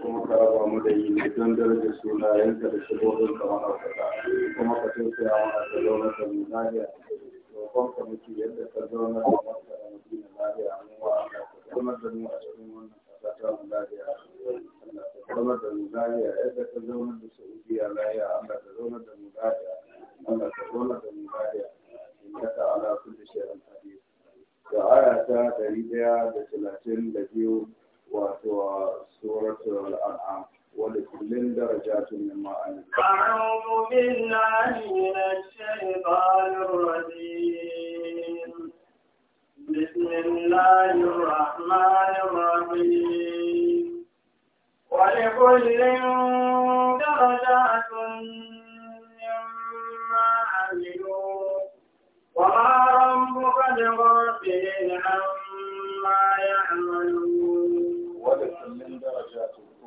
kuma ka raba mu da yi ne don daraja suna sunayenka da shigogin kamar haka kuma ka tausaya mana da launar da mu lafiya roƙon ka muke yadda ka zauna da masa da mutum lafiya mu wa Allah ka zama da mu a cikin wannan ƙasa ta mu lafiya Kuma ka zama da mu lafiya yadda ka zauna da Saudiya lafiya amma ka zauna da mu lafiya Allah ka zauna da mu lafiya innaka ala kulli shay'in qadir da aya ta biyu. wato suratul al'am wani kullum daraja tun yin ma'ani. Ƙarfi min na hina ce Bismillahirrahmanirrahim. Wa li kullin darajatun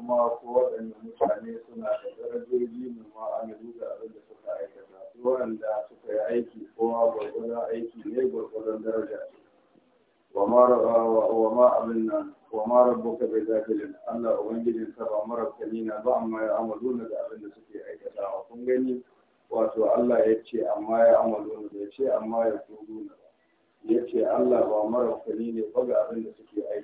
kuma ko waɗanda mutane suna da darajoji mu ma'amalu da abin da suka aikata waɗanda suka yi aiki kowa gwargwadon aiki ne gwargwadon daraja ce wa ma abin nan wa ma rabbuka bai zafilin Allah ubangijin ka ba marabtani na ba amma ya amalu na da abin da suke aikatawa kun gani wato Allah ya ce amma ya amalu na da ya ce amma ya tudu na ya ce Allah ba marabtani ne ba ga abin da suke aikata.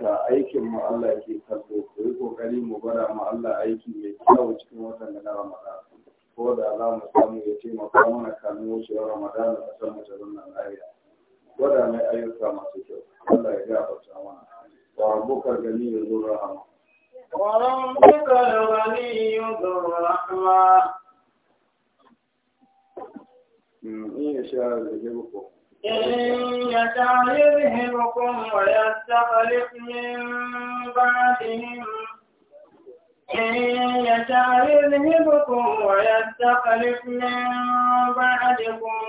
ta aikin mu Allah ke kallo ko yi kokari mu gwada mu Allah aiki mai kyau cikin watan da na Ramadan ko da za mu samu ya taimaka mana kamin wucewar Ramadan da san mace tsaron nan gwada mai ayyuka masu kyau Allah ya gafarta mana wa rabbuka gani ya zo rahama wa rabbuka gani ya zo rahama hmm, in ya sha إن يذهبكم ويستخلف من بعدهم إن يشاء يذهبكم ويستخلف من بعدكم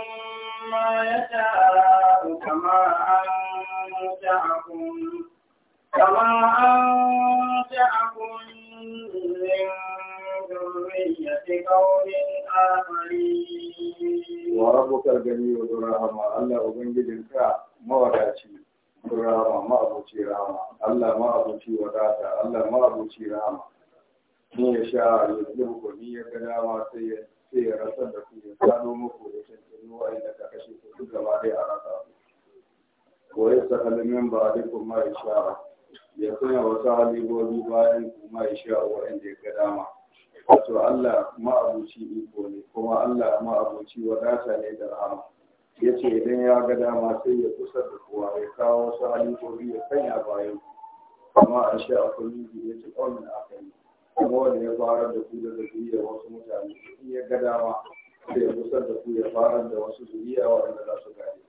ما يشاء كما أنشأكم كما أنشأكم من Wa قوم آخرين وربك الجليل Allah الرحمة الله rama. موداتي ذو الرحمة ما أبوتي رحمة الله ما أبوتي وداتا الله ni ya sha yanzu ni ya ga dama sai ya sai ya da ku ya sano muku da cancanu wa'anda ka kashe ku duk gaba dai a rasa ku ko ya saka limin ba duk kuma ya sha ya sanya wasu halibobi bayan kuma ya sha wa'anda ya ga dama wato Allah ma'abuci iko ne kuma Allah ma'abuci wadata ne da rahama ya ce idan ya ga dama sai ya kusa da kowa ya kawo wasu halittobi ya sanya bayan kuma a sha a kullum ya ce ƙaunin akai kuma wanda ya fara da ku da zuriya wasu mutane in ya ga dama sai ya kusa da ku ya fara da wasu zuriya waɗanda za su gane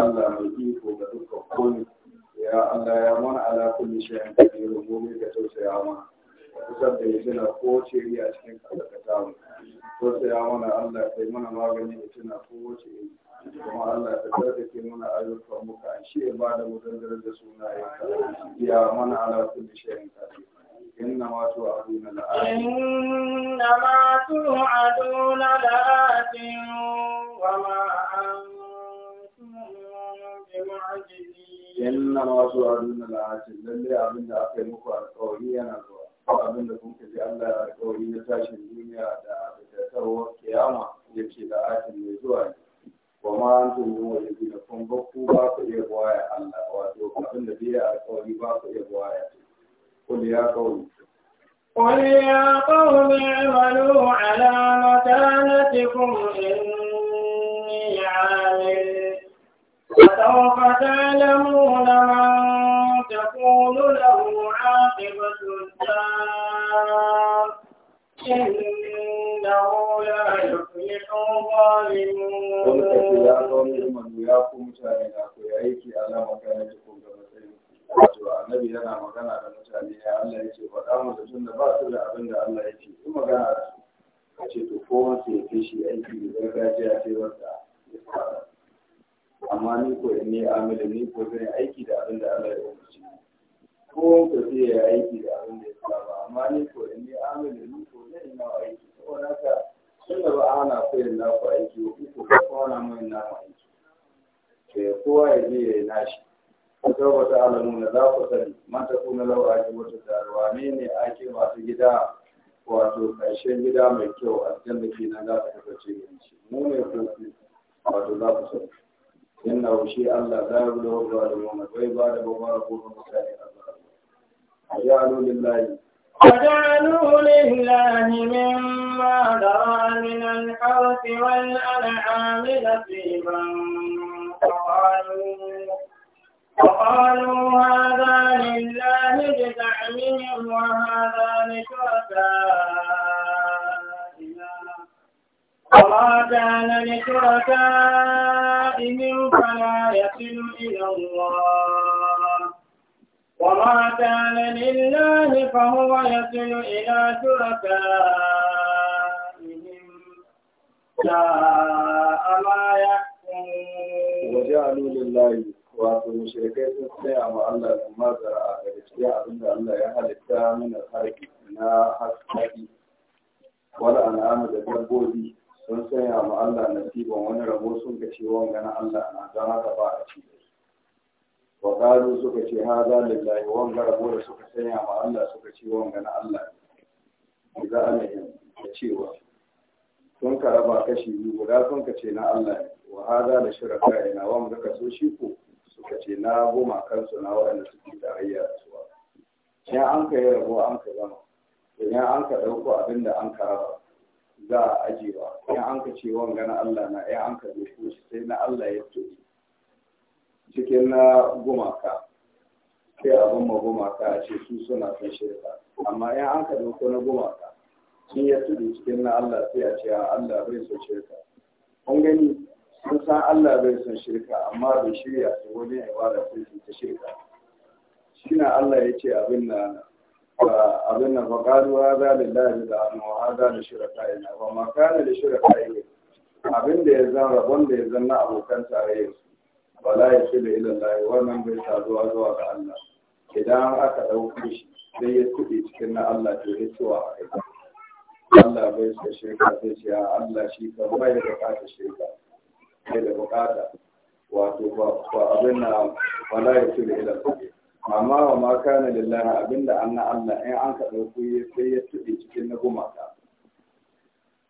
Allah mai iko ga dukkan komai ya Allah ya mana ala kulli shay'in kadirun gobe ga tausaya mana kusan da hijina ko ce a cikin kalkata mu ko sai ya mana Allah kai mana magani tuna ko wace iri kuma Allah ta tsarkake mana ayyukan muka an shi ba da mu dandarar da sunayen ka ya mana ala kulli shay'in qadir إنما توعدون لآت إنما توعدون لآت وما أنتم بمعجزين إنما توعدون لآت للي أبن أخي مقرأ قوي أنا قوي ko abin da kun kaji Allah ya alƙawari na tashin duniya da fitarwar kiyama ya ce da atin mai zuwa ne wa ma an tun yi wa yabi kun ba ku ba ku iya buwaya Allah wato abin da biya alƙawari ba ku iya buwaya kul ya kawai قل يا قوم اعملوا على مكانتكم إني عامل فسوف تعلمون من تكون له عاقبة الدار إنه لا يفلح الظالمون. ya ya aiki da annabi yana magana da mutane ya Allah ya ce mu da ba su da Allah ya ce magana da su a ce to ko wasu ya kai shi aiki da gargajiya wanda ya amma ni ko in ne amila ni ko zan aiki da abin da Allah ya umarci ko ka ce ya aiki da abin da ya saba amma ni ko in ni amin da ni ko zai na aiki saboda haka tun da ba ana koyin na ku aiki ko ku ka kona min na aiki ya eh, kowa ya je ya yi nashi ku alamu alamuna za ku sani mata kuna lawa ake wata taruwa ne ne ake masu gida wato ƙarshen gida mai kyau a cikin da ke nan za ta kasance yanci mu ne ko wato za ku sani inna shi Allah za ya bude wa da mu bai ba da babbar gobe mutane Allah وجعلوا لله وجعلوا لله مما درى من الحرث والأنعام نصيبا فقالوا وقالوا هذا لله بزعمهم وهذا لشركائنا وما كان لشركائهم فلا يصل إلى الله وما كان لله فهو يصل إلى شركائهم ساء ما يحكمون وجعلوا لله wato mushrikai sun tsaya ma Allah da mazara da gaskiya abinda Allah ya halitta mana harki na haskaki wala an'ama da dabbobi sun tsaya ma Allah nasiban wani rabo sun ga cewa na Allah na don haka ba a ci wa suka ce hada lillahi wanga rabo da suka sanya ma Allah suka ce wanga na Allah ne za a da cewa sun ka raba kashi biyu guda sun ka ce na Allah ne wa haza da shiraka ina wanga ka so shi ko suka ce na goma kansu na waɗanda suke tarayya da suwa in an ka yi rabo an ka zama idan an ka ɗauko abin da an ka raba za a ajiyewa in an ka ce wanga na Allah na in an ka ɗauko sai na Allah ya tobi cikin na gumaka sai abin ma gumaka a ce su suna son shirka amma in an ka doko na gumaka shi ya tudu cikin na Allah sai a ce Allah bai son shirka an gani sun san Allah bai son shirka amma bai shirya su wani ibada sai su ta shirka shine Allah ya ce abin na abin na faƙaru hada lillahi da amma hada da shirka na, ba ma kana da shirka ina abin da ya zan rabon da ya zan na abokan tarayyar wala ya shi da ilallahi wannan bai saduwa zuwa ga Allah idan aka ɗauki shi sai ya kuɗe cikin na Allah to ya ciwa a kai Allah bai sa shirka sai shi a Allah shi kan bai da bukata shirka bai da bukata wato ba abin na wala ya shi da ilallahi amma wa ma kana lillahi abinda an na Allah in an ka ɗauko sai ya tuɗe cikin na gumaka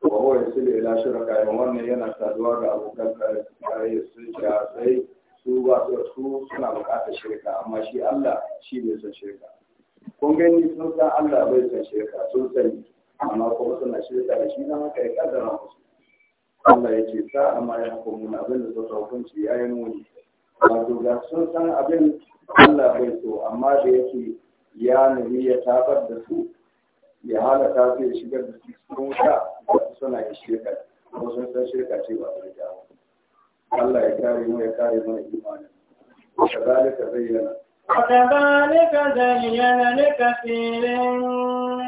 wa huwa yasilu ila shuraka wannan yana saduwa ga abokan kare sun sha sai su ba su suna buƙatar shirka amma shi Allah shi bai son shirka kun gani sun san Allah bai son shirka sun sani amma kuma suna shirka da shi na haka ya kaddara musu Allah ya ce sa amma ya mun abin da suka hukunci ya yi muni wato ga sun san abin Allah bai so amma da yake ya nemi ya tabar da su ya halata su ya shigar da su kuma sha suna yin shirka ko sun san shirka ce ba su da Allah ya kare mu ya kare mana imani. Kazalika zayyana. Kazalika zayyana li kafirin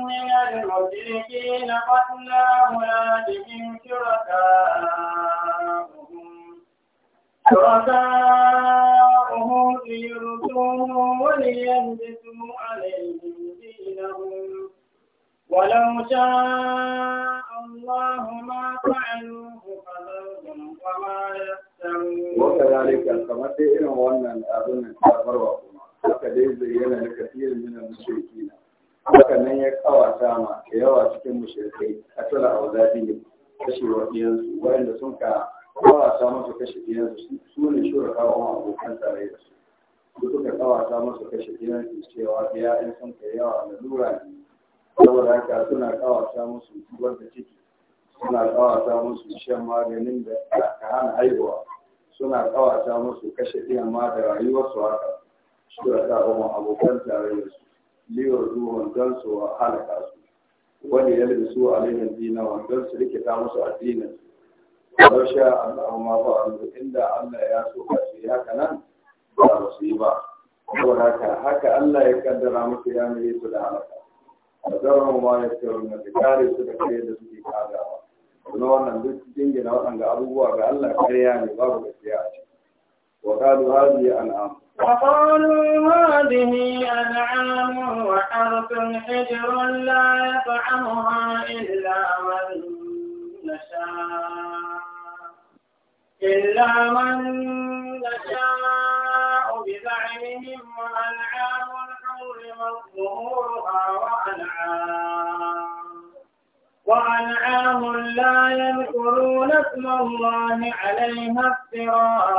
min al-mujrikin qatla muradihim shuraka'ahum. Shuraka'ahum liyurtuhum wa liyandisu alayhim dinahum. ولو شاء الله ما فعلوه فذرهم وما وكذلك كما تئنا أن أظن كافر وكما فكذلك زينا لكثير من المشركين وكما يقوى ساما كيوا سكين مشركين أتلا أولادهم كشي وفيانسو وإن سنكا قوى ساما كشي فيانسو سوني شركا وما أبو كانت رئيسو suka kawata musu kashe gidansu cewa biya in sun kai yawa da lura ne saboda haka suna kawata musu zubar da ciki suna kawata musu shan maganin da ka hana haihuwa suna kawata musu kashe iyama da rayuwarsu haka su da sa'o'in abokan tarayyar su liyar zuwan don su halaka su wani yadda su alihin dina wanda su rikita musu addinin su sha Allah ma ba inda Allah ya so ka su yi haka nan ba su yi ba saboda haka haka Allah ya kaddara musu ya mai su da halaka a zauren ma ya ce wanda da kare su da kai da suke kagawa kuma wannan duk jingina waɗanda abubuwa ga Allah ƙarya ne babu gaskiya a ciki wa qalu hadhihi an'am وقالوا هذه أنعام وحرث حجر لا يطعمها إلا من نشاء إلا من نشاء بزعمهم وأنعام حرمت ظهورها وأنعام وأنعام لا يذكرون اسم الله عليها افتراء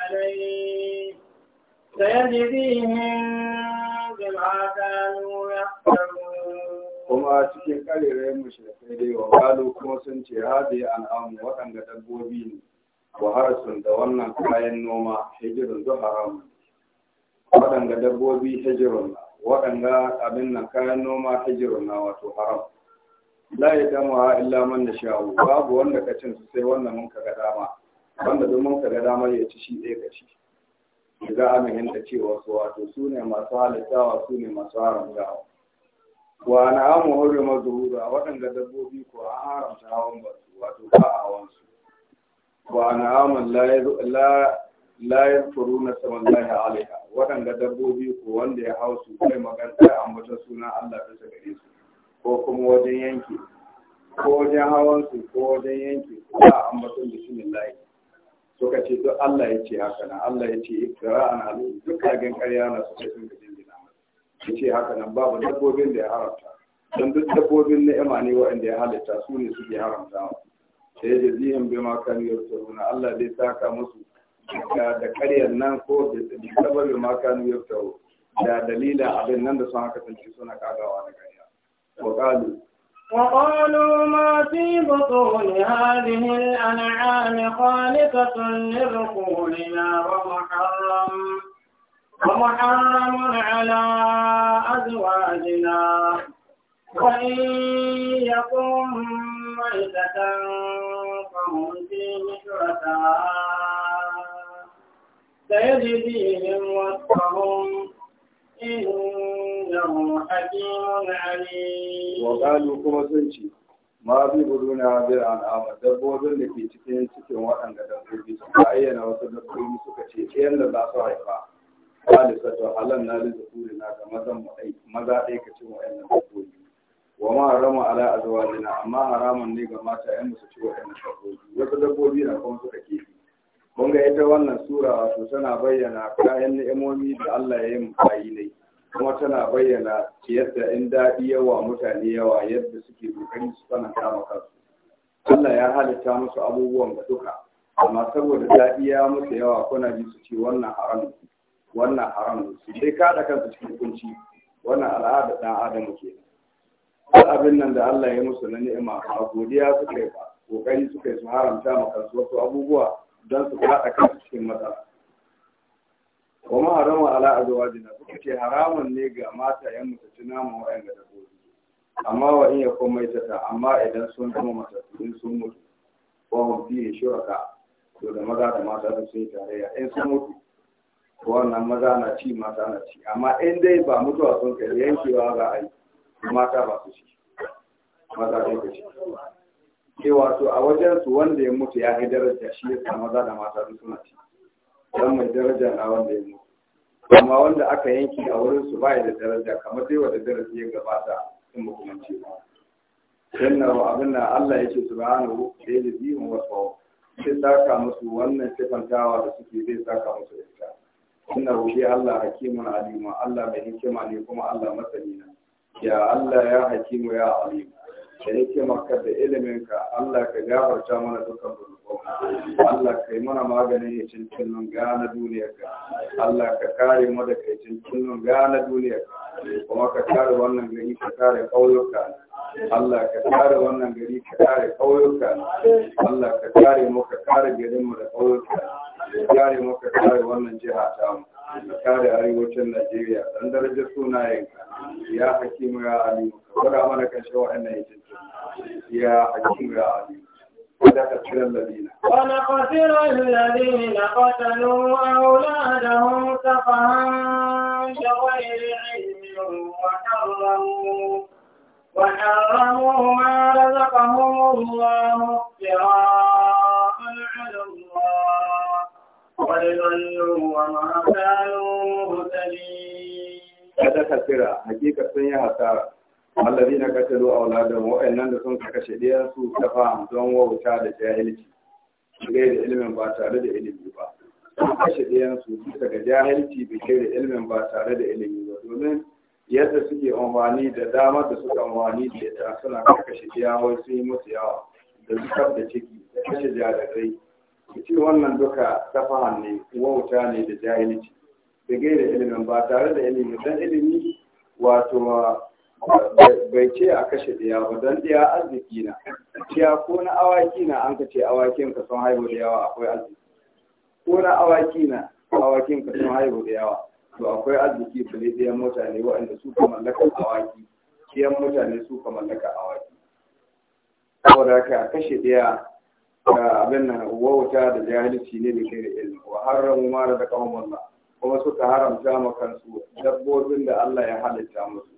عليه سيجزيهم بما كانوا يحسبون kuma cikin karerayen mashirkai dai wa kalu kuma sun ce hadi an amu waɗanda dabbobi ne wa harsun da wannan kayan noma hijirun zu haram waɗanda dabbobi hijirun na waɗanda abin nan kayan noma hijiru na wato haram la ya dama illa man da sha'u babu wanda ka cin su sai wannan mun kaga dama wanda duk mun kaga dama ya ci shi ɗaya ka ci za a muhimta cewa su wato su ne masu halittawa su ne masu haramtawa wa na amu hurri mazuhura waɗanda dabbobi ko an haramta hawan ba su wato ba a hawan su wa na amun la la yadkuruna samallahi alaiha waɗanda dabbobi ko wanda ya hau su kai maganta a ambata suna Allah bisa gare su ko kuma wajen yanki ko wajen hawan su ko wajen yanki ko a ambaton layi suka ce duk Allah ya ce haka nan Allah ya ce ikra'an alayhi duk kagen karya na suka sun ga jingina masa ya ce haka nan babu dabbobin da ya haramta don duk dabbobin ni'ima ne waɗanda ya halitta su ne suke haramta sai da zihin bai ma kan yau Allah zai saka musu Da ƙarya nan ko bai tafi saboda ma aka da dalilin abin nan da sun haƙa ta ke suna ƙara da hana ƙarya. Ƙoƙarin mafi batso ne har yin anjama ne kawai ta tunanin ƙuri na, bamu haramun ala a zuwa jina. Kai ya komai ta ɗan ƙunshi ni turata. سيجزيهم وصفهم إنه حكيم عليم وقالوا كما سنشي ma bi buduna bil an'ama dabbobin da ke cikin cikin waɗanda dabbobi suka ayyana wasu dabbobi suka ce ɗayan da za su haifa halisar da halan na da zakuri na ga maza ɗaya ka ci wa ma harama ala azwajina amma haramun ne ga mata yan su ci waɗannan dabbobi wasu dabbobi na kuma suka keɓe kun ga ita wannan sura wato tana bayyana kayan ni'imomi da Allah ya yi mutane ne kuma tana bayyana yadda in daɗi yawa mutane yawa yadda suke dokari su tana kama kansu Allah ya halitta musu abubuwan da duka amma saboda daɗi ya musu yawa kuna ji su ce wannan haram wannan haram su dai kada kansu cikin kunci wannan al'ada dan adam ke duk abin nan da Allah ya musu na ni'ima a godiya suka yi ba kokari suka yi su haramta ma kansu wasu abubuwa don su faɗa kan cikin mata. Kuma maharama ala azwajina suka ce haramun ne ga mata yan mutu ci naman wa'anda da gobe amma wa in ya ta maitata amma idan sun zama matattu in sun mutu ko hum fi shuraka to da maza da mata sun yi tarayya in sun mutu wannan maza na ci mata na ci amma in dai ba mutuwa sun kai yankewa za a yi mata ba su ci maza dai ka ci cewa eh, wato a wajen su wanda ya mutu ya yi daraja shi ya samu maza da mata su suna ci don mai daraja na wanda ya mutu amma wanda aka yanki a wurin su bai da daraja kamar dai wanda daraja ya gabata in ba kuma ce wa abin da Allah ya ce subhanahu da ya ji wa wasu sai saka musu wannan sifantawa da suke zai saka musu da ita inna Allah hakimun alima Allah mai hikima ne kuma Allah masani ya Allah ya hakimu ya alima. da maka da iliminka Allah ka gafarta mana dukkan zunubanmu Allah ka yi mana maganin yacin na gane duniyarka Allah ka kare mu da kai cinnun gane duniyarka kuma ka kare wannan gari ka kare ƙauyuka Allah ka kare wannan gari ka kare ƙauyuka Allah ka kare mu ka kare garinmu da ƙauyuka ka kare mu ka kare wannan jiha mu da kare arewacin Najeriya dan darajar sunayenka ya hakimu ya alimu ka gwada mana kashe waɗannan hijinta ya hakimu ya alimu ونخسر الذين قتلوا أولادهم سفها بغير علم وحرموا وحرموا ما رزقهم الله افتراء Allazi na kashe zuwa auladan wa'annan da sun kashe ɗaya su ta don wauta da jahilci, gai da ilimin ba tare da ilimi ba. Sun kashe ɗaya su daga jahilci da gai da ilimin ba tare da ilimi ba domin yadda suke amfani da damar da suka amfani da ita suna kashe ɗaya wai sun yi musu yawa da zukar da ciki da kashe jahilci. ce wannan duka ta ne wauta ne da jahilci da gaira ilimin ba tare da ilimi dan ilimi wato bai ce a kashe ɗaya ba don ɗaya arziki na ciya ko na awaki na an ka ce awakin ka sun haihu da yawa akwai arziki ko na awaki na awakin ka sun haihu da yawa to akwai arziki bale ɗayan mutane waɗanda su ka mallaka awaki ɗayan mutane su ka mallaka awaki saboda ka kashe ɗaya abin nan wauta da jahilci ne da kai da ilmi wa haramu ma da kawon Allah kuma suka haramta ma kansu dabbobin da Allah ya halitta musu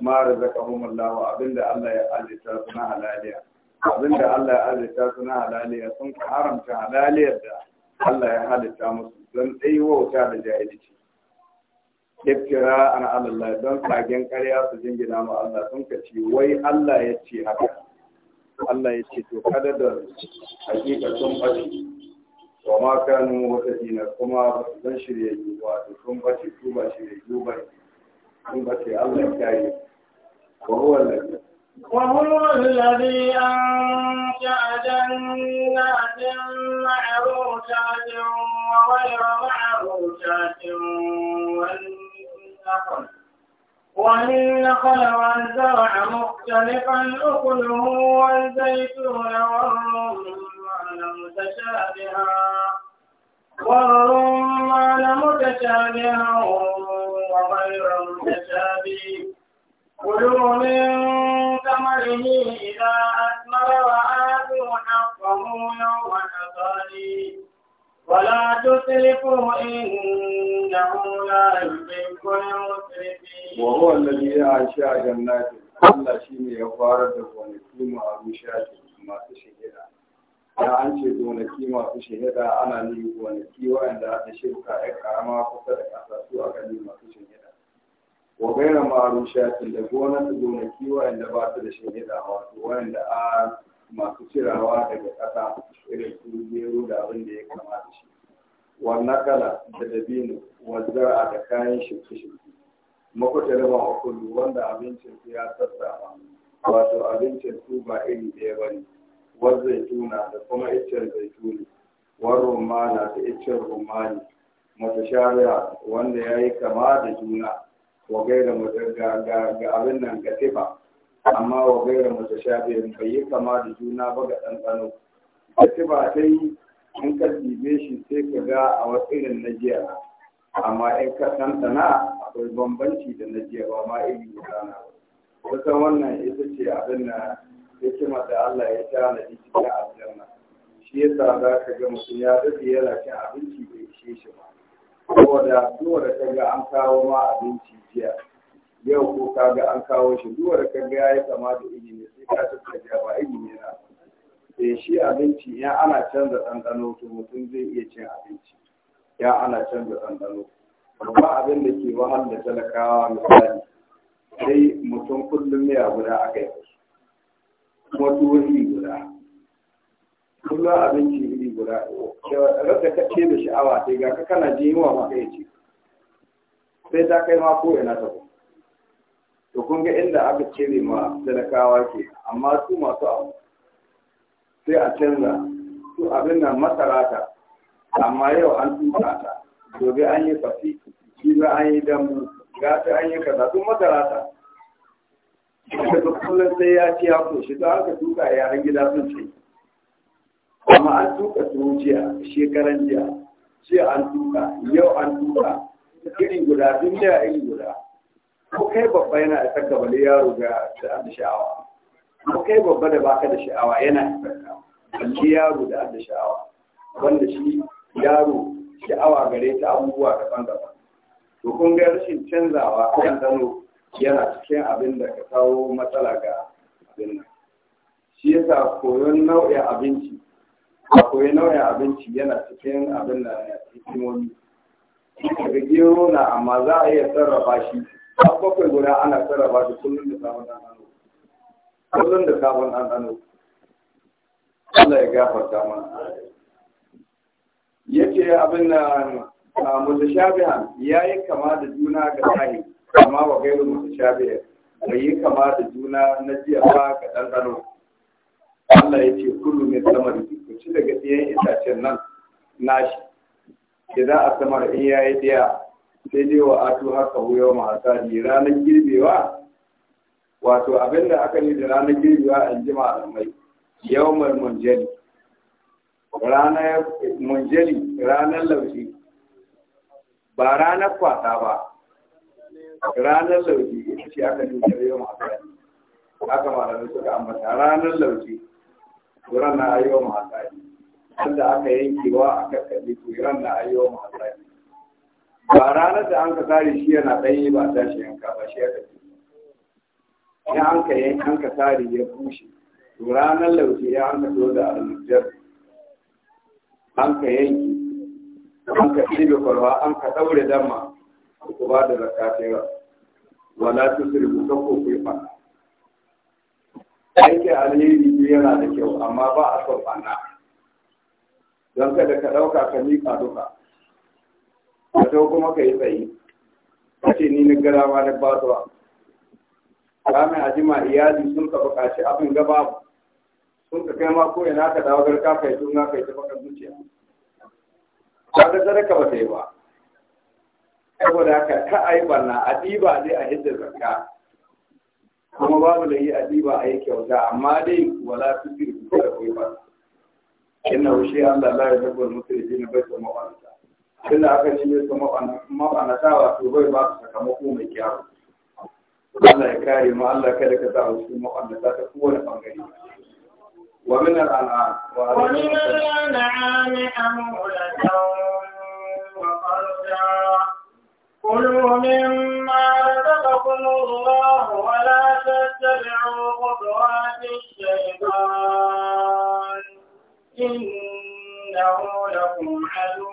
ma da kawo Allah wa abin da Allah ya halitta su na halaliya abin da Allah ya halitta su na halaliya sun haramta halaliyar da Allah ya halitta musu don tsayi wauta da jahilci iftira an Allah don kagen ƙarya su jingina ma Allah sun ka ce wai Allah ya ce haka Allah ya ce to kada da hakika sun wa ma kanu watadina kuma ba su zan shirya yi ba da sun bace su ba shirye yi ba sun bace Allah ya kare wa huwa وهو الذي أنشأ جنات معروشات وغير معروشات والنخل وإن خلوا الزرع مختلفا أكله والزيتون والرمان متشابها والرمان متشابها وغير متشابه كلوا من ثمره إذا أثمر وآتوا حقه يوم حصاده ولا تسرفوا إنه لا يحب المسرفين وهو الذي أنشأ جنات Allah shi ne ya fara da gonaki masu shahida. Ya an ce gonaki masu shahida ana nuni gonaki waɗanda aka shirka ya karama kusa da ƙasa su a gani masu shahida. Wa gaira maru shafin da gonar gonaki waɗanda ba su da shahida wato waɗanda a masu cirawa daga ƙasa irin su gero da abin da ya kamata shi wannan kala da dabino wazzara da kayan shirke-shirke makwata raba hukulu wanda abincin su ya sassama wato abincin su ba iri ɗaya ba ne war zaituna da kuma iccen zaituni war rumana da iccen rumani shari'a wanda ya yi kama da juna wa gaira mutar ga abin nan ga amma wa gaira mace shafirin bai yi kama da juna ba ga ɗanɗano da ba ta yi in ka dibe shi sai ka ga a wasu irin na jiya amma in ka ɗanɗana akwai bambanci da na jiya ba ma iri gudana ba kusan wannan ita ce abin da hikima da Allah ya tana da cikin aljanna shi yasa za ka ga mutum ya daɗe yana cin abinci bai ishe shi ba saboda kowa da ka ga an kawo ma abinci jiya yau ko ka ga an kawo shi duwa da kaga ya yi kama da ilimi, ne sai ka tafi da ba ilimi ne na da eh, shi abinci ya ana canza ɗanɗano to mutum zai iya cin abinci ya ana canza ɗanɗano amma abin da ke wahal da talakawa misali sai mutum kullum ya guda aka yi kuma tuwo guda kullum abinci iri guda rasa kace da sha'awa sai ga ka kana jin yiwa ma kai ce sai ta kai ma ko ina ta kuma to kun ga inda aka cire ma talakawa ke amma su masu abu sai a canza su abin nan masarata amma yau an tuka ta gobe an yi fafi jibi an yi damu ta an yi kaza sun masarata daga kullum sai ya ci ya koshi don aka tuka yaran gida sun ce amma an tuka jiya, shekaran jiya jiya an tuka yau an tuka irin guda duniya iri guda ko kai babba yana isar da wani yaro ga da sha'awa ko kai babba da baka da sha'awa yana isar ka wani yaro da da sha'awa wanda shi yaro sha'awa gare ta abubuwa daban-daban to kun ga rashin canzawa kan dano yana cikin abin da ka kawo matsala ga abin nan shi yasa koyon nau'in abinci a koyi nau'in abinci yana cikin abin da hikimomi ga gero na amma za a iya sarrafa shi har bakwai guda ana sarrafa shi kullum da sabon ɗanɗano kullum da sabon ɗanɗano Allah ya gafarta mana yace abin nan mutashabihan yayi kama da juna ga sahi amma wa gairu mutashabihan bai yi kama da juna na jiya ba ga ɗanɗano Allah ya ce kullum min samar da ci daga ɗiyan itacen nan nashi idan a samar in yayi ɗaya sai dai wa ato haka huyo ma ne ranar girbewa wato abinda aka yi da ranar girbewa an ji malamai yau mai munjali ranar munjali ranar laushi ba ranar kwata ba ranar laushi ita ce aka yi da yau ma hasadi aka malamai suka ambata ranar laushi ranar na ayyuwa ma hasadi wanda aka yankewa aka kalli ran na ayyuwa ma ba ranar da an ka tsare shi yana ɗanye ba ta shi yanka ba shi ya kace ya an ka yanka an ka tsare ya bushe to ranar lauke ya an ka zo da almujar an ka yanki an ka ɗibe kwalwa an ka ɗaure dama ku ba da zakatera wala tusrifu kako ku yi fana aiki alheri yana da kyau amma ba a son fana don kada ka ɗauka ka miƙa duka ka to kuma ka yi tsayi ka ce ni na gara ma na basuwa aji ma iyali sun ka bukaci abin gaba sun ka kai ma ko ina ka dawo garka kai ka kai ta zuciya ba ta ga sadaka ba ta yi ba saboda haka ka a yi barna a ɗiba dai a hidda zarka kuma babu da yi a ɗiba a yi kyauta amma dai wala su fi da kuka da kuwa ba an wushi Allah la yuhibbul na bai kuma wanda tunda aka neme su mabanata wato bai ba su sakamako mai kyawu Allah ya kare ma Allah kada ka sa su mabanata ta kowane bangare wa min al'an'am wa min al'an'am amulatan wa farja كلوا مما رزقكم الله ولا تتبعوا خطوات الشيطان إنه لكم عدو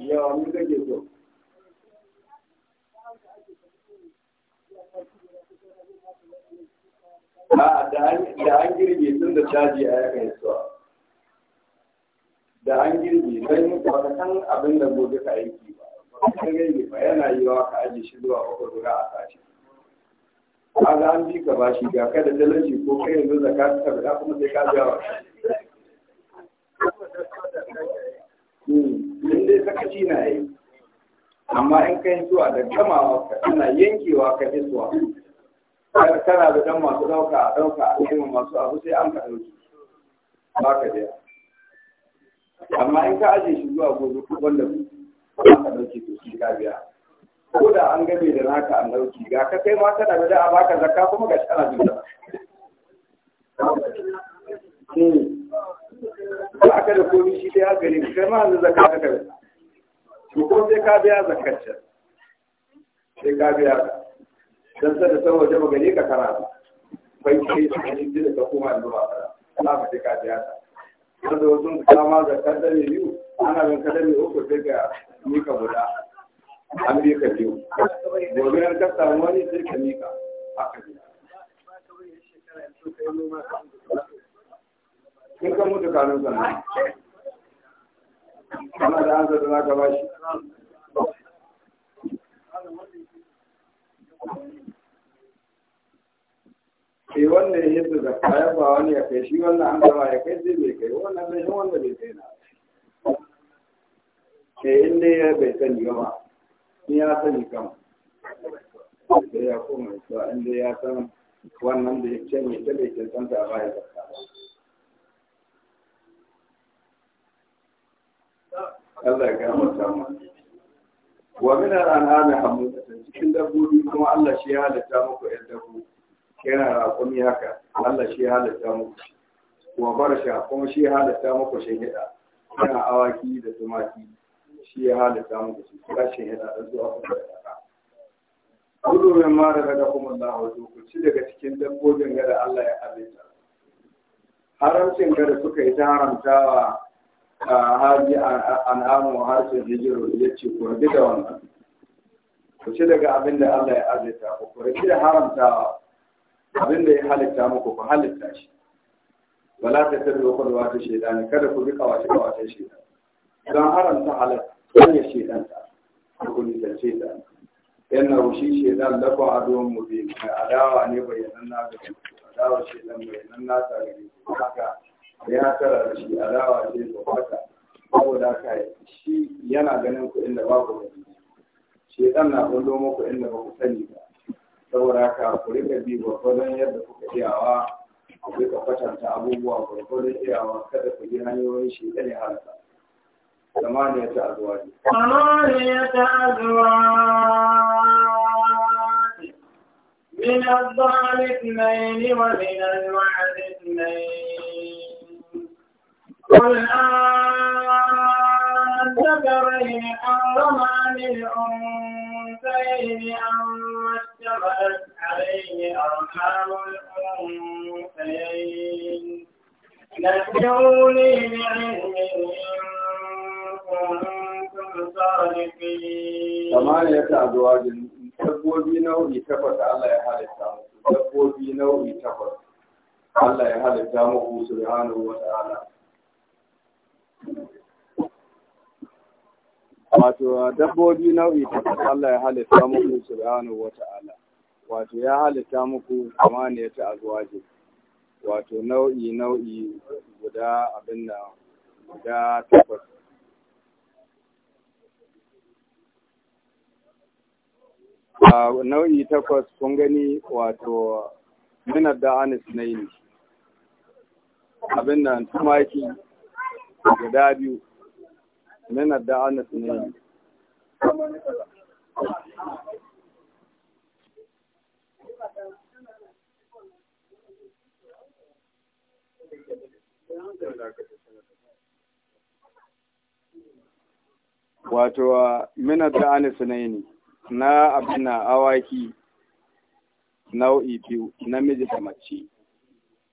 yawa mun kake so a da an girbe tun da caji a yakan suwa da an girbe don ba ka san abin da gobe ka aiki ba wata ka gaibe ba yana yi wa ka aji shi zuwa uku zura a sashi a ga an bi ka bashi ga ka da talaci ko kai yanzu zaka ka bada kuma sai ka biya wa in dai sakaci na yi amma in kai zuwa da gamawa ka kana yankewa ka fi zuwa kana da dan masu dauka a dauka a kai masu abu sai an ka dauki ba ka biya amma in ka aje shi zuwa gobe ko wanda ku ba ka dauki to shi ka biya ko da an game da naka an dauki ga ka kai ma kana da a baka zakka kuma ga shi ana bin da ko aka da komi shi ɗaya gari kai ma da zakka ka kai to ko sai ka biya zakkacin sai ka biya dan sai da saboda ba gari ka karatu bai kai shi ne da ka koma da ba Allah ka sai ka biya ta wanda wasu da kama zakkar da ne biyu ana bin kada ne ko sai ka mika guda an bi ka biyu gobe an ka samu ne sai ka mika haka biya mutu kanin sannan kana da hanzar da za ka bashi sai wanda ya hidda da kayan ba wani ya kai shi wannan an gama ya kai zai bai kai wannan zai shi wanda bai kai na sai in dai ya bai sani ba in ya sani kama sai ya koma ya in dai ya san wannan da ya canye ta bai cancanta a baya zakka Allah ya gama samu wa min al-an'ami hamdatan cikin dabbobi kuma Allah shi ya halatta muku ɗan dabbobi na raƙumi haka Allah shi ya halatta muku wa barsha kuma shi ya halatta muku shahida yana awaki da tumaki shi ya halatta muku shi shi shahida da zuwa ku da Kudu min ma da daga kuma Allah wa ku ci daga cikin dabbobin gada Allah ya halitta. Haramcin gada suka yi ta haramtawa haji an amu harshen hijiru ya ce ku rabu da wannan ku ci daga abin da Allah ya azurta ku ku rabu da haramta, abin da ya halitta muku ku halitta shi wala ta tarbi ku da wata shaidani kada ku rika wace kawace shaidan. don haramta halatta don ya shaidanta ku nisance ta yana rushi shaidan lafa adon mu bi mai adawa ne bayyana na ga adawa shaidan bayyana na ta gari haka ya tara da shi a alawa ce da kwata saboda ka shi yana ganin ku inda ba ku gani shi dan na kullo muku inda ba ku sani ba saboda ka ku rika bi gwargwadon yadda kuka iyawa ku rika kwatanta abubuwa gwargwadon iyawa kada ku bi hanyoyin shi ɗan ya halaka ثمانية أزواج ثمانية ne. من الضال اثنين ومن الوعد اثنين قل أنتبرين حرم عن الأنثيين أم اشتملت zuwa dabbobi Allah ya halitta musu, dabbobi nau'i takwas Allah ya wata ala. wato dabbobi nau'i ta Allah ya halitta muku su subhanahu wata'ala wato ya halitta muku kama ne ya samaniyata azuwaje, wato nau'i nau'i guda abin da guda takwas nau'i takwas kun gani wato minar da anis na yi abin nan tumaki guda biyu uh, min adda'ana sunayi wato min adda'ana sunayi na abina awaki nau'i biyu namiji da mace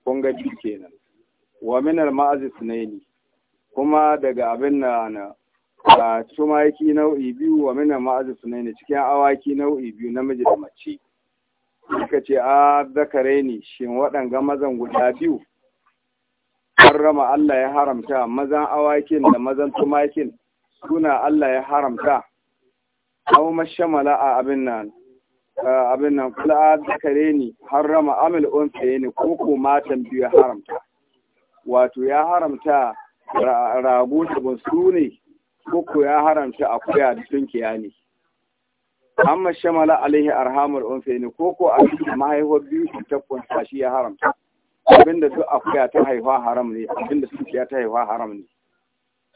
kun biyu kenan wa minar ma'azi sunayi kuma daga abin na na tumaki nau'i biyu wa mina ma'azu ne cikin awaki nau'i biyu namiji da mace suka ce a zakare ne shi waɗanga mazan guda biyu harrama Allah ya haramta mazan awakin da mazan tumakin suna Allah ya haramta aw mashamala a abin nan abin nan kula a zakare ne harrama amil unsaye ne ko ko matan biyu ya haramta wato ya haramta rago da su ne ko ya haramta akuya da tunkiya ne amma shamala alaihi arhamar ne ko a cikin mahaifar biyu su ta kwanta shi ya haramta abinda su akuya ta haifa haram ne abinda su ya ta haifa haram ne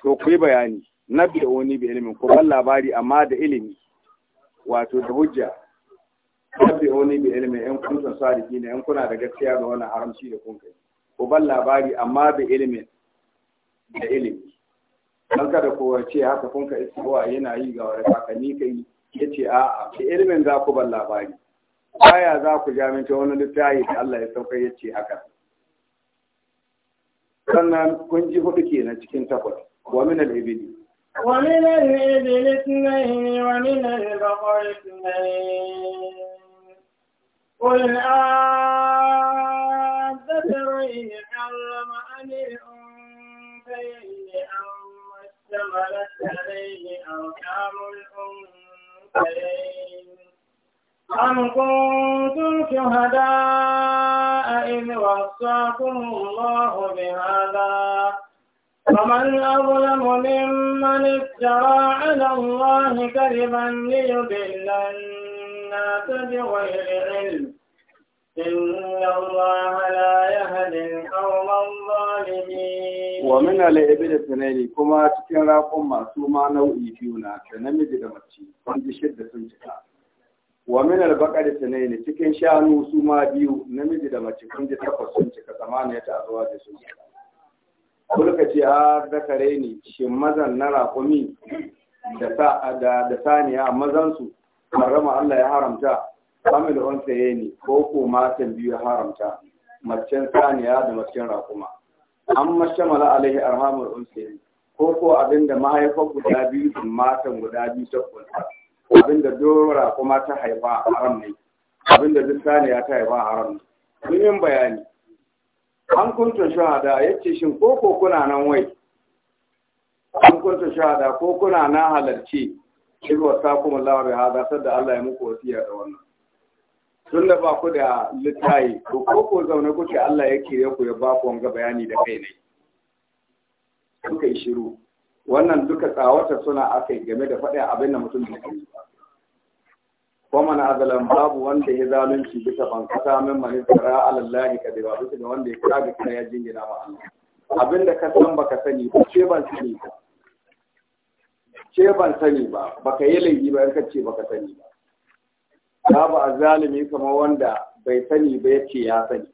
to ku yi bayani na biya wani bi ilimin ku ban labari amma da ilimi wato da hujja na biya wani bi ilimin yan kun sadiki ne yan kuna da gaskiya ga wani haramci da kun ku ban labari amma da ilimin da ilimi don kada kowa ce haka kun ka wa yana yi ga wani kakanni ka yi ya ce a a ilimin za ku ban labari baya za ku jaminta wani littafi da Allah ya sauka ya ce haka sannan kun ji hudu na cikin takwas wa min al-ibili ومن الإبل اثنين ومن البقر اثنين قل آذكرين حرم أم أم اشتملت عليه الأنثيين أم كنتم شهداء إذ وصاكم الله بهذا فمن أظلم ممن افترى على الله كذبا ليضل الناس بغير علم wa min al'ibi da tsanani kuma cikin rakon masu ma nau'i biyu na da namiji da mace wanda da sun cika wa min baka da tsanani cikin shanu su ma biyu namiji da mace wanda takwas sun cika zamani ya ta zuwa da sun cika kulka ce a zakare ne shin mazan na rakumi da saniya mazansu kan rama allah ya haramta kamil on ya ne ko ko matan biyu haramta macen saniya da macen rakuma an mashamala alaihi arhamul unsayin ko ko abinda mahaifar guda biyu sun matan guda biyu ta kunta abinda dora kuma ta haifa haram ne abinda duk saniya ta haifa haram ne mun yin bayani an kuntun shahada yace shin ko ko kuna nan wai an kuntun shahada ko kuna na halarci shi wasa kuma Allah bai hada sadda Allah ya muku wasiya da wannan tun da ba ku da littayi ko ko ko zaune kuke Allah ya kire ku ya ba ku wanga bayani da kai ne kuka yi shiru wannan duka tsawata suna akai game da faɗin abin da mutum da kai ko mana azalan babu wanda ya zalunci bisa bankasa min man tsara alallahi ba, bisa ga wanda ya kira ga ya jingina ba Allah abin da ka san baka sani ba ce ban sani ba ce ban sani ba baka yi laifi ba in ka ce baka sani ba babu azalimi kamar wanda bai sani ba ya ce ya sani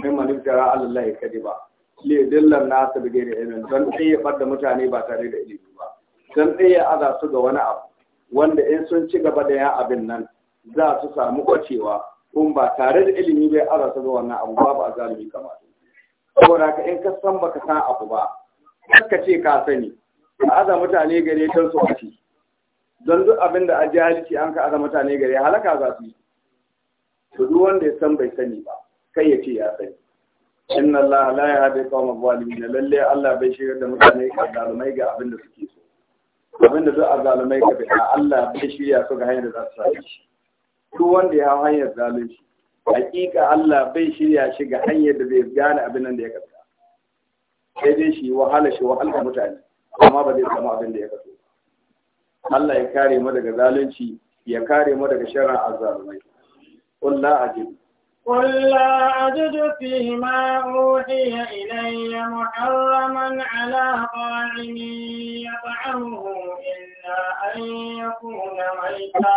mai manifara Allah ya kadi ba le dillan nasu da gari ilimin don ɗaya da mutane ba tare da ilimi ba don ɗaya aza su ga wani abu wanda in sun ci gaba da ya abin nan za su samu kwacewa kuma ba tare da ilimi bai aza su ga wannan abu babu azalimi kamar saboda ka in ka san baka san abu ba ka ce ka sani ka aza mutane gare ta su kwaci don duk abin da a jahilci an ka aza mutane gare halaka za su yi to duk wanda ya san bai sani ba kai ya ce ya sani inna Allah la yahdi qawma zalimin lalle Allah bai shigar da mutane ka zalumai ga abin da suke so abin da duk zalumai ka bai Allah bai shirya su ga hanyar da za su sami shi duk wanda ya hau hanyar zalunci hakika Allah bai shirya shi ga hanyar da zai gane abin nan da ya kasa sai dai shi wahala shi wahala mutane amma ba zai samu abin da ya kasa Allah ya kare mu daga zalunci ya kare mu daga sharra azzalumai qul la ajidu qul la ajidu fihi ma uhiya ilayya muharraman ala ta'imi yat'amuhu illa an yakuna maita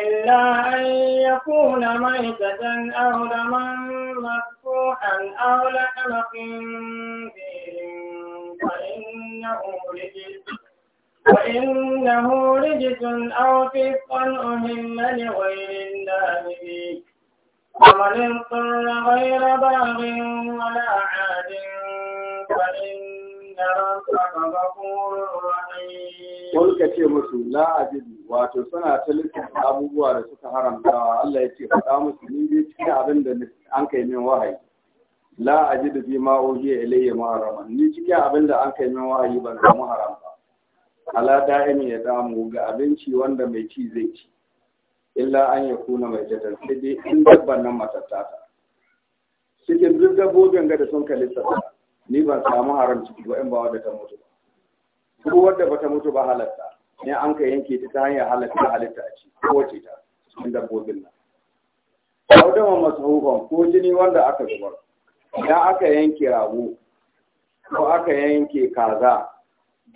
illa an yakuna maitatan aw laman maqtuhan aw lahmin fa'innahu lijil وإنه رجس أو فسق أهم لغير الله به ومن اضطر غير باغ ولا عاد فإن ربك غفور رحيم قل كتير مسلم لا أجد wato suna ta lissafa abubuwa da suka haramtawa Allah ya ce faɗa musu ni dai cikin abin da an kai min wahayi la ajidu fi ma uhiya ilayya muharraman ni cikin abin da an kai min wahayi ban samu haramta ala da'imi ya damu ga abinci wanda mai ci zai ci illa an ya kuna mai jadar sai dai in dabban nan matattata cikin duk dabbobin ga da sun kalista ni ban samu haram ciki ba in ba wadda ta mutu ba ko wadda ba ta mutu ba halatta ne an ka yanke ta ta hanyar halatta halitta a ci ko wace ta cikin dabbobin nan masu masahufan ko jini wanda aka zubar ya aka yanke rago ko aka yanke kaza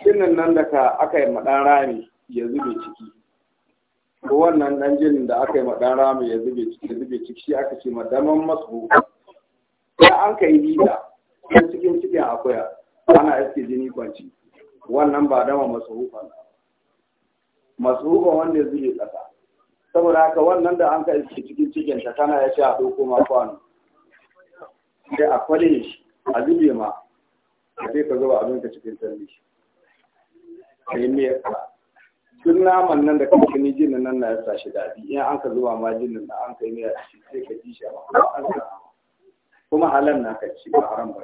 jinin nan da aka yi maɗan rami ya zube ciki ko wannan ɗan jinin da aka yi maɗan rami ya zube ciki ya zube ciki shi aka ce madaman masu ya an ka yi hita ɗan cikin cikin akuya ana iske jini kwanci wannan ba dama masu hukun. masu hukun wanda ya zube ƙasa saboda haka wannan da an ka iske cikin cikin ta kana ya ce a ɗauko ma kwano sai a kwale shi a zube ma sai ka zuba abinka cikin tarihi. Ka yi miyar ka duk naman nan da kan kini jinin nan na yasa shi daɗi in an ka zuba ma jinin da an kai miyar shi sai ka ji shi an kuma halal na ka ci ba haram ba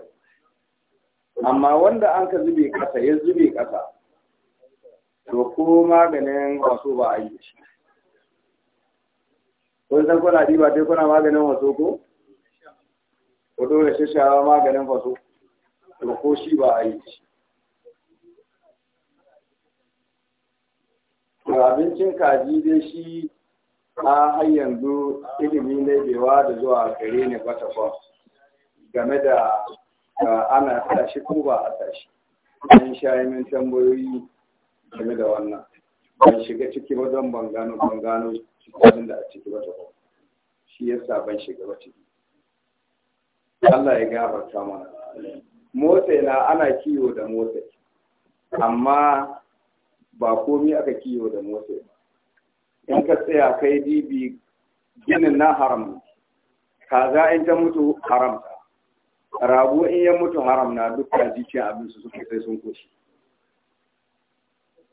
amma wanda an ka zube ƙasa ya zube ƙasa to ko maganin wasu ba a yi shi kun san kuna diba dai kuna maganin wasu ko ku dole shi maganin wasu to ko shi ba a yi shi wato abincin kaji dai shi a har yanzu ilimi ne bewa da zuwa gare ne kwata game da ana tashi ko ba a tashi an sha min tambayoyi game da wannan ban shiga ciki ba don ban gano ban gano cikin da a ciki ba ta shi sa ban shiga ba ciki Allah ya gafarta mana motsa na ana kiwo da motsa amma ba komi aka kiyo da motsi ba in ka tsaya kai dibi ginin na haram kaza in ta mutu haram ta in ya mutu haram na dukkan jikin abin su suka sai sun koshi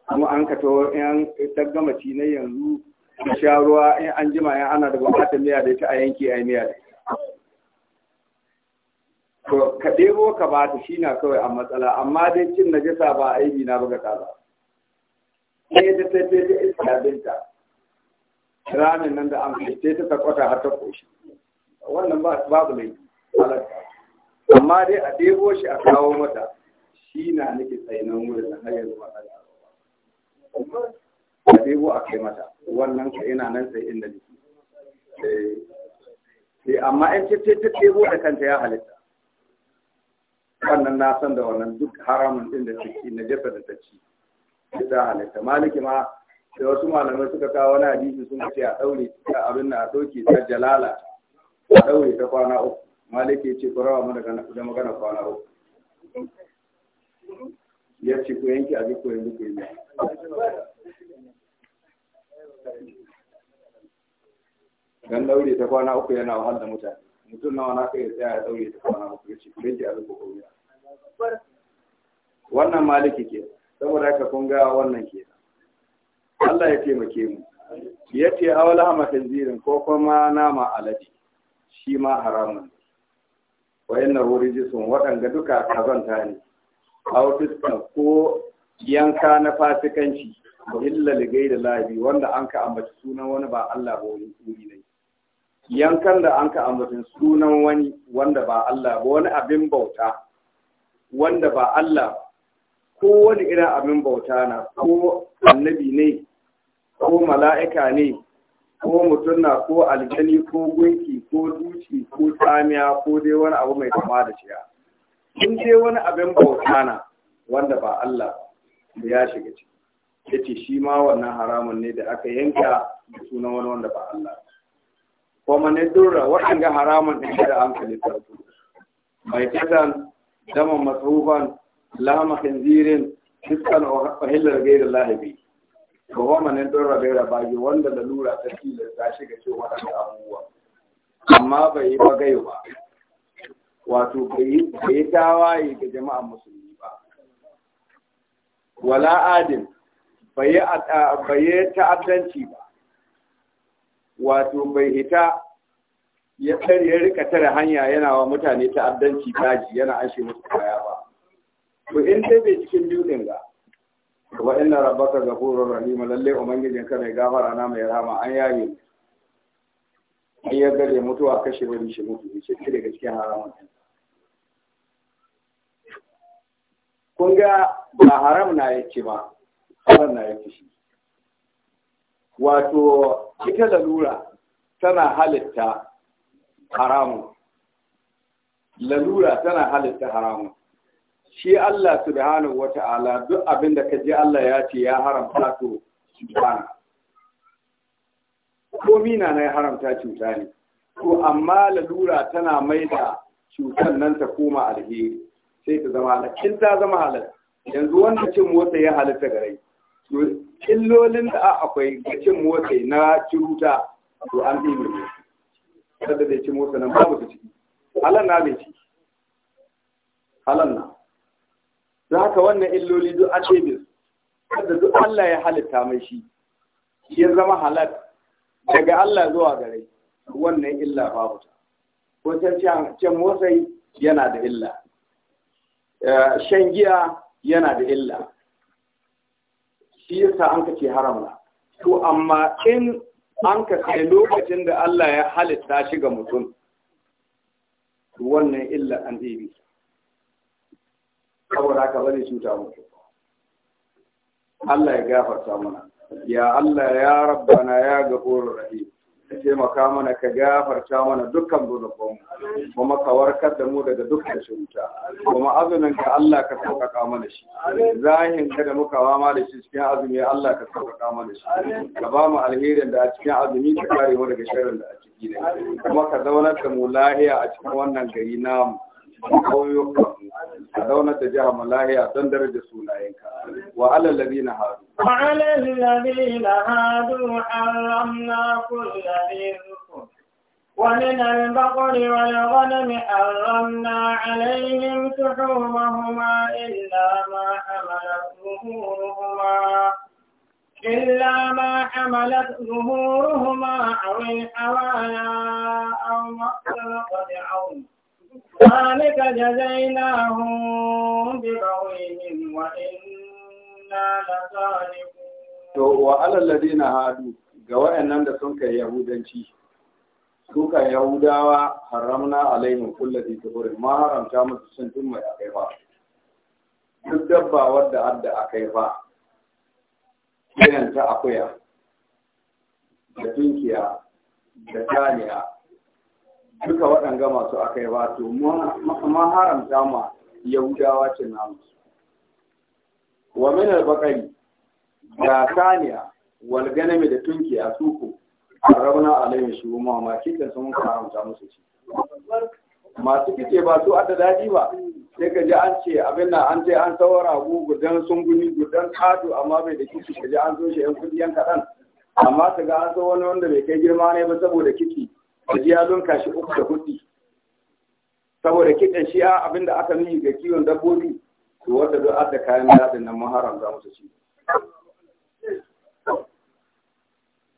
kuma an ka to in ta ci na yanzu ta sha ruwa in an jima in ana da bukatar miya da ta a yanke a miya da to ka ɗebo ka ba ta shi na kawai a matsala amma dai cin najasa ba aibi na buga ta ba sai ta sai ta iska binta nan da an fice ta kwata har ta koshi wannan babu mai halatta amma dai a ɗebo shi a kawo mata shi na nake tsainan wurin na hanyar zuwa a ɗebo a kai mata wannan ka ina nan sai inda nake sai eh, eh, amma in ce ta ɗebo da kanta ya halitta wannan na san da wannan duk haramun ɗin da take na jasa da ta ci ta halitta maliki ma da wasu malamai suka kawo wani hadisi sun ce a daure ta abin da a dauke ta jalala a daure ta kwana uku maliki ce ku rawa mana da magana kwana uku ya ce ku yanke abin ku yanzu ku yi dan daure ta kwana uku yana wahal da mutane mutum nawa na kai tsaya ya daure ta kwana uku ya ce ku yanke abin ku koyi wannan maliki ke saboda haka kun ga wannan ke Allah ya taimake mu ya ce awal hama tanzirin ko kuma nama alade shi ma haramun wa na wuri jisun waɗanda duka kazanta ne a wata ko yanka na fasikanci ba illa ligai da labi wanda an ka ambaci sunan wani ba Allah ba wani tsuri ne yankan da an ka ambaci sunan wani wanda ba Allah ba wani abin bauta wanda ba Allah ko wani irin abin bauta na ko annabi ne ko mala'ika ne ko mutum na ko aljani ko gunki ko duci ko tsamiya ko dai wani abu mai kama da ciya in dai wani abin bauta na wanda ba Allah da ya shiga ciki yace shi ma wannan haramun ne da aka yanka da sunan wani wanda ba Allah kuma ne dora waɗanda haramun da an farko mai kasan daman masrufan lama khinzirin fiskan ohillar gairar lahibi ba wa manin don rabe rabage wanda lalura ta tilasta shi shiga cewa waɗanda abubuwa amma bai yi bagai ba wato bai yi tawaye ga jama'a musulmi ba wala adin bai yi ta'addanci ba wato bai hita ya rika tare hanya yana wa mutane ta'addanci daji yana ashe musu kaya ko in dai bai cikin biyu din ga wa inna rabbaka ghafurur rahim lalle ubangijin ka mai gafara na mai rahama an yaye ai ya gare mutuwa kashe wani shi mutu shi ce daga cikin haramun kun ga ba haram na yake ba haram na yake shi wato ita lalura tana halitta haramun lalura tana halitta haramun shi Allah subhanahu wata'ala duk abin da kaji Allah ya ce ya haramta to ko komi na ya haramta cuta ne to amma lalura tana maida cutar nan ta koma alheri sai ta zama halal in ta zama halal yanzu wanda cin motsa ya halitta gare to illolin da akwai ga cin motsa na cuta to an yi motsa. kada da cin motsa nan babu da ciki halal na bai ci halal na Za haka wannan illoli duk a ce su kada duk Allah ya halitta mai shi ya zama halal daga Allah zuwa gare wannan illa babu ta ko can motsai yana da illa shan giya yana da illa shi yasa an kace haramna to amma in an ka kai lokacin da Allah ya halitta shi ga mutum wannan illa an zai bisa saboda haka ba zai cuta muku Allah ya gafarta mana ya Allah ya rabbana ya gafurur rahim ka taimaka mana ka gafarta mana dukkan zunubanmu kuma ka warkar da mu daga dukkan cuta kuma azumin ka Allah ka sauƙaƙa mana shi zahin da muka wama da shi cikin azumi Allah ka sauƙaƙa mana shi ka ba mu alherin da a cikin azumi ka kare mu daga sharrin da a ciki ne kuma ka zaunar da mu lahiya a cikin wannan gari namu da a zaunar da jihar malahiya don daraja sunayenka wa alal ladina hadu wa alal ladina hadu haramna kullu ومن البقر والغنم حرمنا عليهم سحومهما إلا ما حملت ظهورهما إلا ما حملت ظهورهما أو الحوايا أو ما اختلط ذلك جزيناهم ببغيهم وإنا لصادقون وعلى الذين هادوا ga waɗannan da sun kai yahudanci su kan yahudawa haramna alaihim kullati tuhur ma haramta musu sun tun mai akai ba duk dabba wadda adda akai ba irin ta akuya da tunkiya da taniya duka waɗanga masu aka yi wato ma haramta ma yahudawa cin namusu wa min al-baqari da saniya wal ganami da tunki a suku arrauna alayhi shuma ma ma sun haramta musu ci masu kike ba su adda daɗi ba sai ka ji an ce abin nan an je an saura rago gudan guni gudan kado amma bai da kici ka ji an zo shi yan kudi yan kaɗan amma ka ga an zo wani wanda bai kai girma ne ba saboda kici kaji ya shi uku da hudu saboda kiɗan shi a abinda aka nuni ga kiwon dabbobi to wanda zo adda kayan daɗin nan muharram za mu ci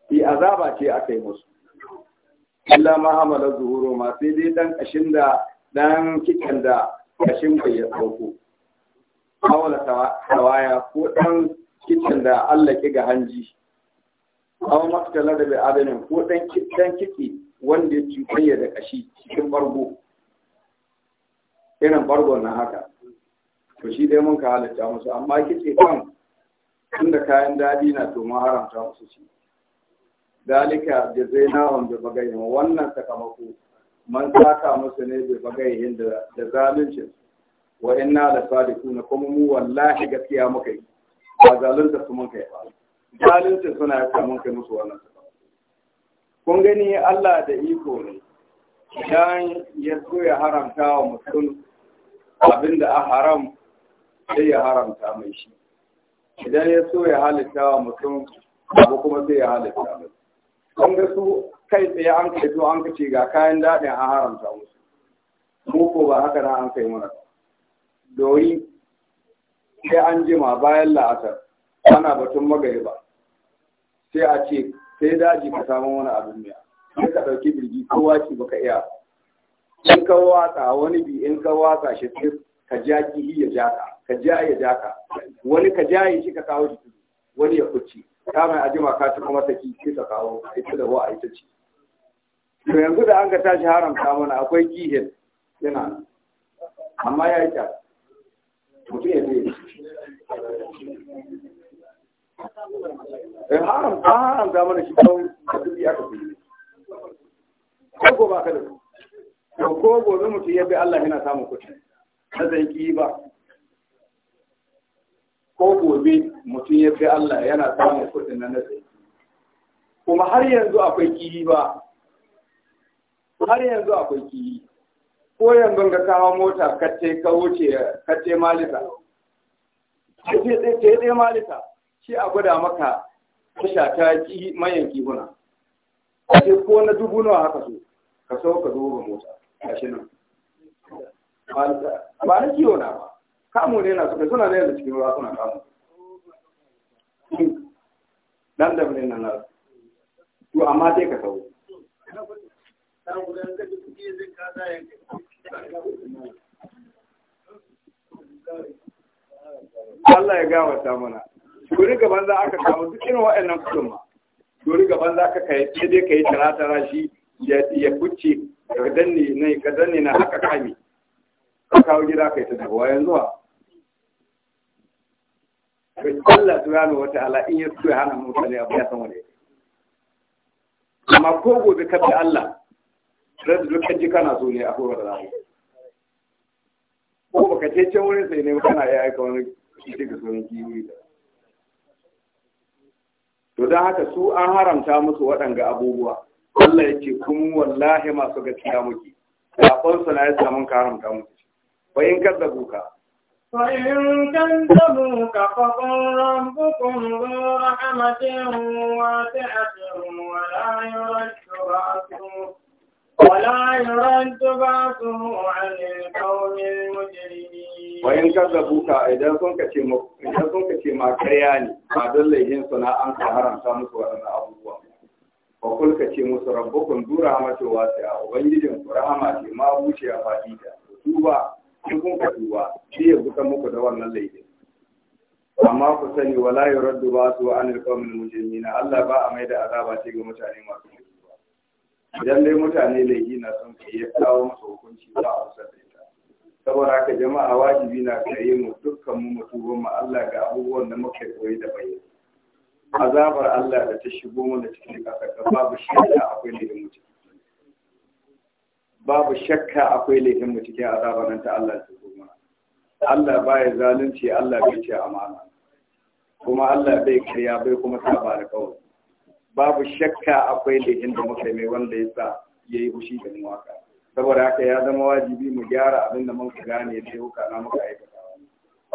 bi azaba ce aka yi musu illa ma hamala zuhuru ma sai dai dan kashin da dan da kashin bai ya dauko hawala tawaya ko dan kikan da Allah ki ga hanji aw maktala da bai adanin ko dan kitan kiki wanda ya cuɗanya da ƙashi cikin bargo irin bargo na haka to shi dai mun ka halitta musu amma kitse kan tun da kayan daɗi na to mun haramta musu shi dalika da zai nahon da bagayin wannan sakamako man saka musu ne da bagayin da zaluncin wa inna da sadiquna kuma mu wallahi gaskiya muka yi ba zalunta su mun kai ba zalunta suna yasa mun kai musu wannan kun gani Allah da iko ne idan ya so ya haramta wa mutum abin da a haram sai ya haramta mai shi idan ya so ya halitta wa mutum abu kuma sai ya halitta mai kun ga su kai tsaye an kai zo an kace ga kayan daɗin an haramta musu mu ko ba haka na an kai mana domin sai an jima bayan la'asar ana batun magariba sai a ce sai daji ka samu wani abin miya sai ka dauki birgi ko waki baka iya in ka watsa wani bi in ka watsa shi sai ka jaki ya ja ka ka ja ya ja ka wani ka ja shi ka kawo shi wani ya kuci ka mai ajima ka ci kuma saki sai ka kawo ita da a ita ce to yanzu da an ga tashi haramta mana akwai kihin yana nan amma ya yi ta mutum ya ce in eh, haram ba haram da mana shi da kudi aka fi ko ba ka da su to ko gobe mutum ya bi Allah yana samun kuɗi na zai ki ba ko gobe mutum ya bi Allah yana samun kuɗi na na zai kuma har yanzu akwai kiyi ba har yanzu akwai kiyi ko yanzu ga kawo mota kace ka wuce kace malika ce kace malika shi a gwada maka tasha ta ji manyan kihuna a ce ko na dubu nawa haka so ka so ka zo ga mota a shi nan ba na kiwo na ba kamu ne na suka suna ne da cikin ruwa suna kamu nan da bane nan na to amma dai ka sau Allah ya gawata mana dori gaban za aka kawo duk irin wa'annan kudin ma dori gaban za ka kai sai dai ka yi tara shi ya kucce ka danne na ka danne na haka kame ka kawo gida kai ta dabuwa yanzu wa Allah subhanahu wata'ala in ya so ya hana mutane abu ya san wani amma ko gobe ka bi Allah sai da dukkan ji kana so ne a kowace ko baka ce can wurin sai ne kana ya aika wani cikin ga sunan kiwi da to don haka su an haramta musu waɗanga abubuwa Allah ya ce kun wallahi masu gaskiya muke saƙonsu na ya samun ka haramta musu bayan in ka فإن كذبوك ولا يرد بأسه ba su عن القوم المجرمين wayan kaza buka idan sun kace ma idan sun kace ma kaya ne ba don laihin na an ka haramta musu waɗannan abubuwa fa kul ce musu rabbukum dura mata sai ubangijin ku rahama ce ma buce a fadi ta tuba in kun ka duba shi ya buka muku da wannan laifin amma ku sani wala yuraddu ba su an alqawmil mujrimin Allah ba a mai da azaba ce ga mutane masu mutuwa idan dai mutane laifi na sun kai ya kawo musu hukunci ba a usar da saboda haka jama'a wajibi na gare mu dukkan mu mutuban mu Allah ga abubuwan da muka koyi da bai azabar Allah da ta shigo mana cikin ga babu shakka akwai ne mu babu shakka akwai ne mu cikin azabar nan ta Allah ta zo mana Allah baya zalunci Allah bai ce amana kuma Allah bai kariya bai kuma saba da kawai babu shakka akwai ne da muka mai wanda ya sa yayi hushi da mu saboda haka ya zama wajibi mu gyara abin da muka gane da yau hukana muka aikata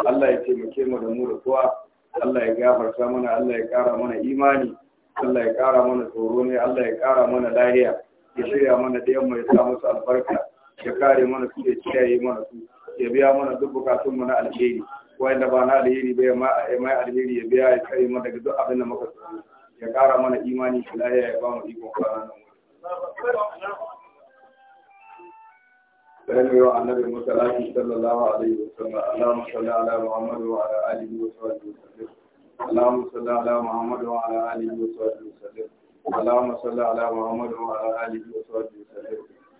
Allah ya muke mu da mu da kowa Allah ya gafarta mana Allah ya kara mana imani Allah ya kara mana tsoro ne Allah ya kara mana lahiya ya shirya mana da yamma ya sa su albarka ya kare mana su ya kiyaye mana su ya biya mana duk bukatun mu na alheri wanda ba na alheri ba ya mai alheri ya biya ya kare mana daga duk abin da muka tsoro ya kara mana imani da lahiya ya ba mu iko kwanan فلم يرى النبي موسى صلى الله عليه وسلم اللهم صل على محمد وعلى اله وصحبه وسلم اللهم صل على محمد وعلى اله وصحبه وسلم اللهم صل على محمد وعلى اله وصحبه وسلم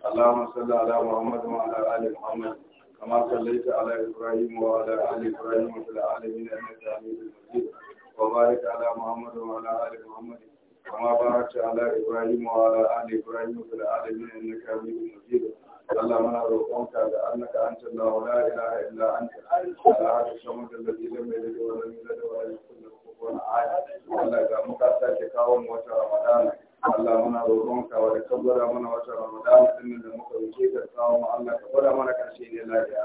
اللهم صل على محمد وعلى ال محمد كما صليت على ابراهيم وعلى ال ابراهيم في العالمين انك حميد مجيد وبارك على محمد وعلى ال محمد كما باركت على ابراهيم وعلى ال ابراهيم في العالمين انك حميد مجيد الله ما روحك لأنك أنت الله لا إله إلا أنت الأحد الصمد الذي لم يلد ولم يولد ولم يكن له كفوا أحد الله مكاسك كاوم وترمضان Allah muna roƙonka wa da kabbara mana wata Ramadan din da muka rike ka samu Allah ka gwada mana karshe ne lafiya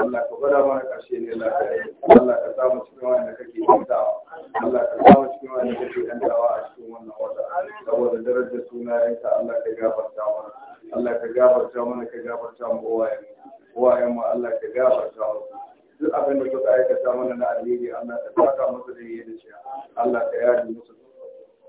Allah ka gwada mana karshe ne lafiya Allah ka samu cikin wanda kake yantawa Allah ka samu cikin wanda kake dawa a cikin wannan wata saboda darajar sunayenka Allah ka gafarta mana Allah ka gafarta mana ka gafarta mu uwayen uwayen mu Allah ka gafarta mana duk abin da suka aikata mana na alheri Allah ka saka musu da yi da shi Allah ka yaji musu